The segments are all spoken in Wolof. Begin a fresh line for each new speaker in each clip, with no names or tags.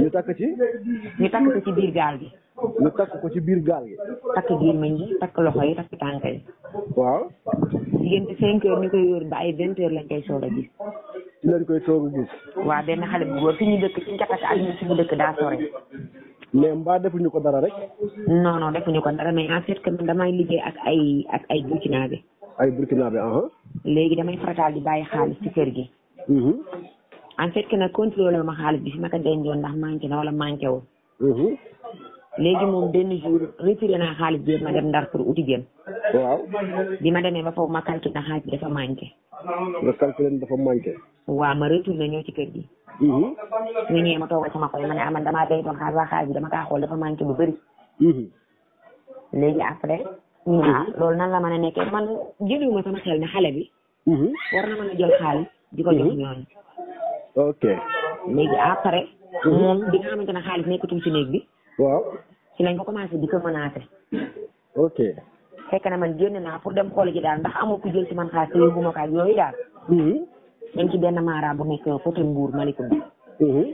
ñu takk ci. ñu takk ko ci biir gaal gi. ñu takk ko ci biir gaal gi. takk gémmiñ gi takk loxo yi takk tànk yi. waaw. diggante cinq heures ñu koy wër ba ay vingt lañ koy soog a gis. ci lañ koy soog a gis. benn xale bu góor fi ñu dëkk ci njaxase ak ñu fi ñu dëkk daa sore.
mais mbaa defuñu ko dara rek.
non non defuñu ko dara mais en fait damay liggéey ak ay ak ay burkinabé. ay burkinabé. léegi damay farataal di bàyyi xaalis ci kër gi. Mhm. en fait que nag contrôlé ma xaalis bi fi ma ko dencoon ndax manqué na wala manqué woo. Mhm. léegi moom benn jour retiré naa xaalis bi ma dem ndar pour uti jëm. waaw. bi ma demee ba foofu ma calculé na xaalis bi dafa manqué. nga calculé ma ci kër gi.
Mhm. ñu
ñëwee ma toogal sama xol ma ne ah man damaa dencoon xaalis waa bu bëri. Mhm. léegi après. ñu ah, loolu nan la mën a nekkee man jëliwuma sama xel ne xale bi. war na mën a jël xaalis. di ko jox ñooñu.
ok léegi
après. Mhm. moom bi nga xamante ne xaalis nekkatul ci néeg bi. waaw ci lañ ko commencé di ko menacé. ok fekk na man génn naa pour dem xool ji daal ndax amul ku jël ci man xaalis te yóbbu ma yooyu daal. Mhm. dañ ci benn maara bu nekk côté Mbour mhm.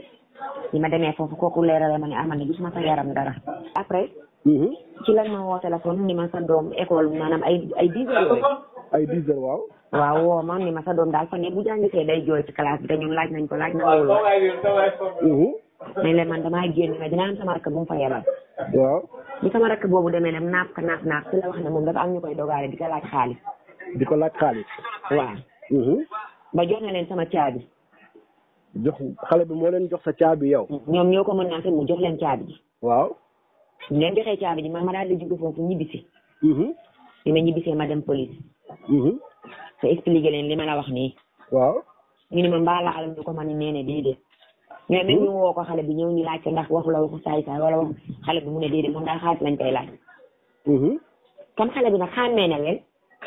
ma demee foofu kooku leeralal ma ne amal ah, na gisuma sa yaram dara. après. ci lañ ma woo téléphone ni ma sa doom école maanaam ay ay dix heures yooyu. ay dix waaw. waaw woo ma ni ma sa doom daal fan yii bu jàngisee day jooy ci classe bi te ñun laaj nañ ko laaj nañ ko
lool. mais
leen man damaa génn mais dina am boobu demee dem naaf ka naaf koy dogaale di ko laaj
di ko laaj xaalis. waaw.
ba jox na sama caabi. jox xale bi jox sa caabi yow. ñoom ñoo ko mën naa fi mu jox leen caabi ma daal di jóge foofu ñibbisi. bi ma ñibbisee ma dem police. te expliqué leen li ma la wax nii. waaw ñu ne la mbaalaal ñu ko man nee ne déedéet. ñoom it ñu woo ko xale bi ñëw ñu laajte ndax waxu la waxu saay saay wala waxu xale bi mu ne déedéet moom daal xaalis lañ hmm. bi nag xàmmee na leen.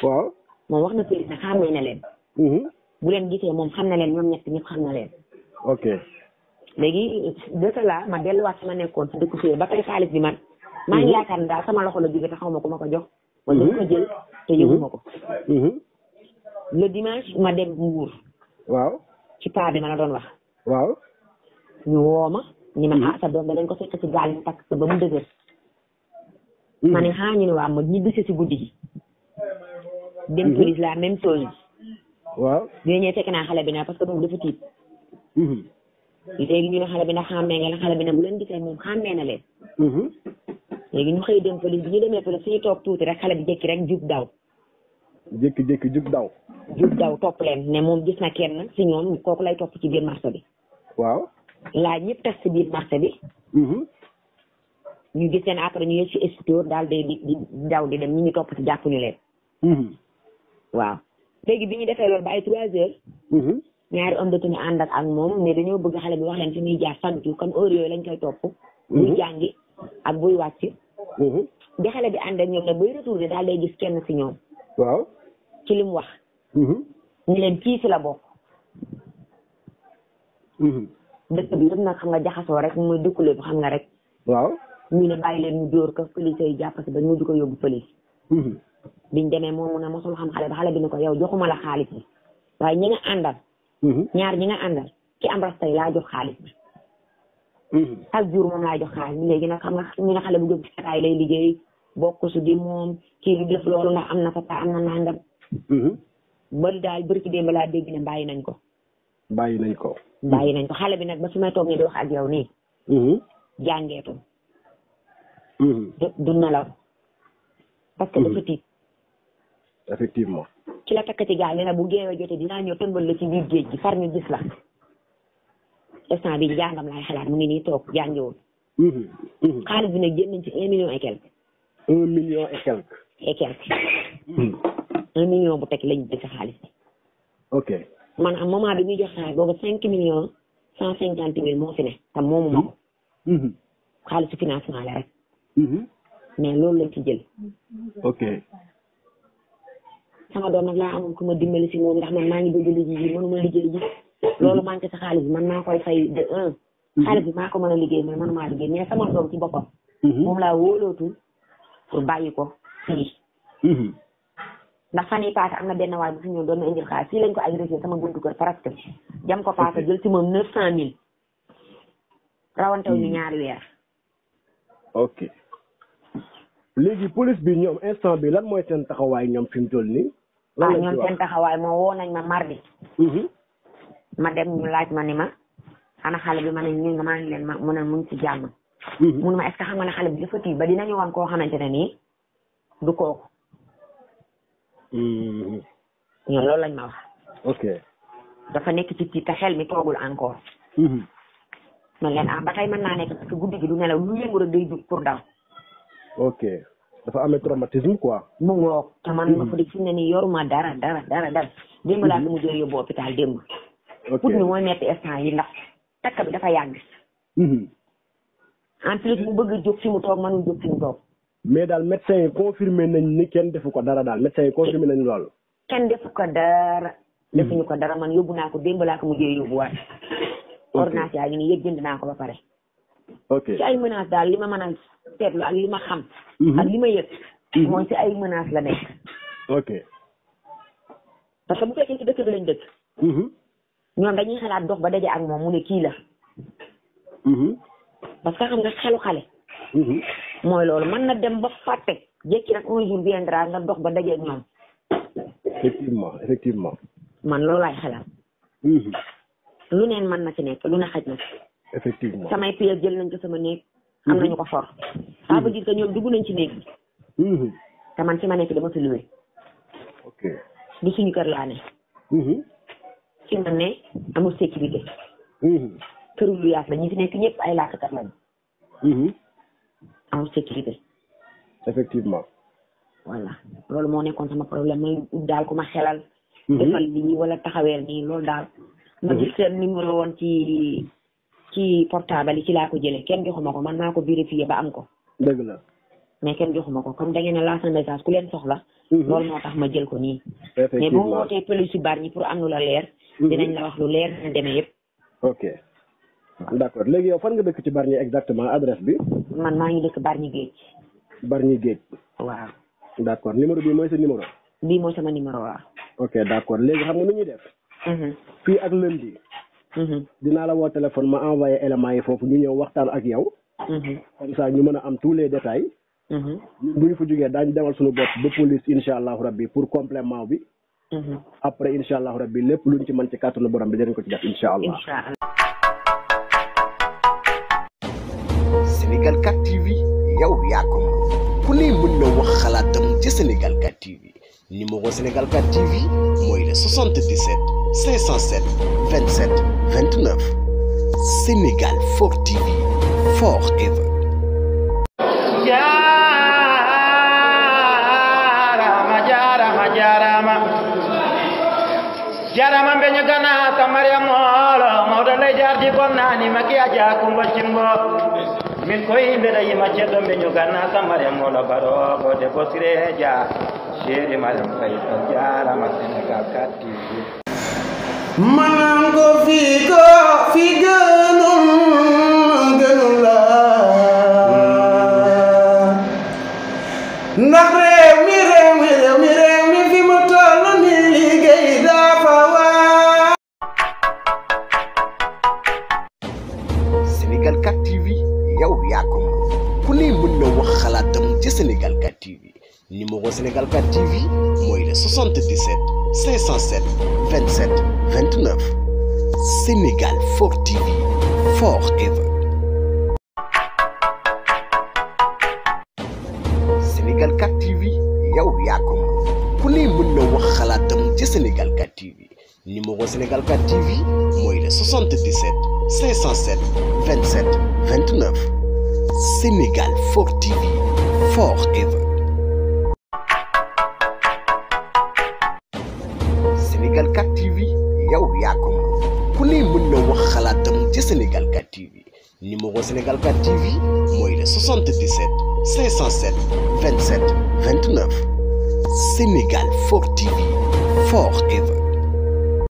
waaw moom wax na police nag xàmmee na leen. Hmm. bu leen gisee moom xam na leen ñoom ñett ñëpp xam na leen. ok léegi de cela ma delluwaat sama nekkoon si dëkk fii ba tey xaalis bi man. maa ngi hmm. yaakaar ne daal sama loxo la jóge te xaw ma ko ma ko jox. wala dañ te yëgu ma ko. le dimanche ma dem Mbour. waaw ci paa bi ma la doon wax. waaw. ñu woo ma ñu ma mhm. ah sa doom dañ ko fekk ci gaal ñu takk ba mu dëgër. Mhm. ma ne xaa ah, ñu ne waa ma ñibbisi si guddi gi. dem mhm. police la même chose. waaw naa xale bi nag parce que moom dafa tiit. léegi ñu ne xale bi nag xàmmee nga la xale bi nag bu leen gisee moom xàmmee na leen. léegi ñu xëy dem police bi ñu demee police suñu toog tuuti rek xale bi jékki rek jug daw.
jékki-jékki jug daw.
jug daw topp leen ne moom gis na kenn si ñoom kooku lay topp ci biir marché bi. waaw. laaj ñëpp tas si biir marché bi. Mm-hmm. ñu gis leen après ñu yëg si extérieur daal de di daw di dem ñu ngi topp ci jàpp ñu leen. Mm-hmm. waaw léegi bi ñu defee loolu ba ay trois heures. Mm-hmm. ñaari homme de tenue ànd ak ak moom mais dañoo bëgg xale bi wax leen fi muy jaar chaque jour comme heure yooyu lañ koy topp. muy jàngi ak buy wàcc. bi xale bi ànd ak ñoom nag buy retourné daal day ci li mu wax. ñu mhm. leen kii si la bokk. Mhm. dëkk bi yëpp nag xam nga jaxasoo rek muy dëkkule bu xam nga rek. waaw ñu ne bàyyi leen ñu dóor ko police yi jàpp si ba ñu di ko yóbbu police. Mhm. biñ demee moom mu ne mosul xam xale ba xale bi ne ko yaw joxuma la xaalis bi waaye ñi nga àndal. ñaar ñi nga àndal ki am rasta yi laa jox xaalis bi. chaque jour moom laa jox xaalis bi léegi nag xam nga ñu ne xale bu jóg si lay liggéey bokk di moom kii lu def loolu ndax am na fa am na nangam. Mm-hmm. bari daal bari ci démb laa dégg bàyyi nañ ko.
bàyyi nañ ko.
bàyyi nañ ko xale bi nag ba su may toog nii di wax ak yow nii. Mm-hmm. jàngeetul. Mm-hmm. du nelaw. parce que dafa tiit. effectivement. ci la takk ci gaal bu géeyoo jotee dinaa ñëw tëmbal la ci biir géej gi far ñu gis la. instant bi jàngam laay xalaat mu ngi nii toog jàngiwul. xaalis bi nag jënd nañ ci un million et
un million et
quelque. un million bu teg lañ jël ci xaalis bi. ok maanaam moment bi muy jox xaalis boobu cinq millions cent cinquante mille moo fi ne te moomu mm-hmm. la mm-hmm. ci jël. ok. sama doom laa amoon ku ma dimbali si moom ndax man mm-hmm. man maa koy fay de un. xaalis bi maa a liggéey ci boppam. moom laa pour bàyyi ko fii. ndax fan yii paase am na benn waay bu fi ñëw doon na indil xaalis fii lañ ko agressé sama buntu kër presque jam ko paase jël ci moom neuf cent mille rawantew ñu hmm. ñaari weer
ok léegi police bi ñoom instant bi lan mooy seen taxawaay ñoom fi mu toll nii waaw ah, ñoom seen
taxawaay moom woo nañ ma mardi mm-hmm. ma dem ñu laaj ma ni ma xana xale bi ma ne ñu nga maa leen ma mu ne mu ngi ci jàmm
mm-hmm.
mun ma est-ce xam ne xale bi dafa tii ba dinañu wan koo xamante ne nii du kooku
Mm-hmm. ñoom loolu lañ ma wax. ok
dafa nekk ci tiit te xel mi toogul encore. Mm-hmm. man leen ah ba tey mën naa nekk parce que guddi gi du nelaw lu yëngu rek day jug pour dal.
ok dafa amee traumatisme quoi. mu
ngoog te man ma mm-hmm. fa di fi ne nii yoruma dara dara dara dara démb laa ko mujjee yóbbu hôpital démb. ok put mi mooy metti instant yi ndax takk bi dafa yàgg. en plus mu bëgg jóg fi mu toog mënul jóg fi mu toog. mais daal médecin yi confirmé
nañ ni kenn
defu ko dara daal médecin yi confirmé nañ loolu. kenn defu ko dara. Hmm. defuñu ko dara man yóbbu naa ko démb laa ko mujjee yóbbuwaat. ok ordonnance yaa ngi jënd naa ko ba pare. ok ci ay menaces daal li ma mën a seetlu ak li ma xam. Hmm. ak li ma yëg. Hmm. mooy ci ay menaces la
nekk. ok.
parce que bu fekkee ci dëkk lañ dëkk. ñoom dañuy xalaat dox ba daje ak moom mu ne kii la. parce que xam nga xelu xale. mooy loolu mën na dem ba fàtte jékki rek un jour viendra nga dox ba dajeeg moom.
effectivement effectivement.
man loolu laay xalaat. Mhm. lu neen mën na ci nekk lu ne xaj na ci.
effectivement samay
pièces jël sama néeg. am mhm. nañu ko for. ça veut dire que dugg nañ ci néeg bi. Mhm. te man fi ma nekk dama fi luwe. ok du kër laa ne. fi ma ne amul sécurité. këru lu yaatu la ñi nekk ñëpp ay laakakat
lañu. en sécurité. effectivement. voilà
loolu moo nekkoon sama problème may daal ku ma xelal. defal lii wala taxaweel nii loolu daal. ma gis seen numéro woon ci ci portable yi ci laa ko jëlee kenn joxuma ko man maa ko vérifié ba ko. dëgg la. mais kenn joxuma ko comme da ngeen a lancé message ku leen soxla.
loolu moo ma jël ko nii. mais bu ma wootee
pëlu si bar pour am lu la leer. dinañ la wax lu leer na demee yëpp.
ok d'accord léegi yow fan nga dëkk ci bar ñi exactement adresse bi. man maa ngi dëkk Bargny Géej. Bargny Géej. waaw. d' accord numéro bii mooy sa numéro. bii mooy sama numéro waaw. ok d' accord léegi xam nga nu ñuy def. Mhm. fii ak lundi. Mhm. dinaa la woo téléphone ma envoyé éléments yi foofu ñu ñëw waxtaan ak yow. Mhm. comme ça ñu mën a am tous les détails. ñun bu ñu fa jógee daañu demal suñu bopp ba police incha allahu rabbi pour complément bi. après incha allahu rabbi lépp ñu ci mën ci kàttanu borom bi dinañ ko ci def incha allah. Sénégal 4 TV yow yaa ko ku ne mën na wax xalaatam ci Sénégal 4 TV numéro Sénégal 4 TV mooy le 77 507 27 29 Sénégal jaarama jaarama jaarama jaarama mbeñu gana ka mariam moolo mawdo lay jaar ji ko naani maki aja kumba min koye mbeɗa yima ceɗɗo mbe ñuganna sammare ngolo barogo debbo siré dia seeri mariam fayto jarama sénégal katti manango figo figenum genula ndax réew mi réew mi réew mi réew mi fi mu toll ni liggéey dafa waa Sénégal 4 TV yow yaa ko ku ne mën na wax xalaatam ci Sénégal 4 TV numéro Sénégal 4 TV mooy le 77 507 27 29 Sénégal 4 TV forever. Sénégal 4 TV yow yaa ko ku ne mën na wax xalaatam ci Sénégal 4 TV numéro Sénégal 4 TV mooy le 77 507 27 29 Sénégal 4 TV forever. Sénégal 4 TV yow yaa ko moom ku ne mën na wax xalaatam ci Sénégal 4 TV numéro Sénégal 4 TV mooy le Sénégal 4 TV forever.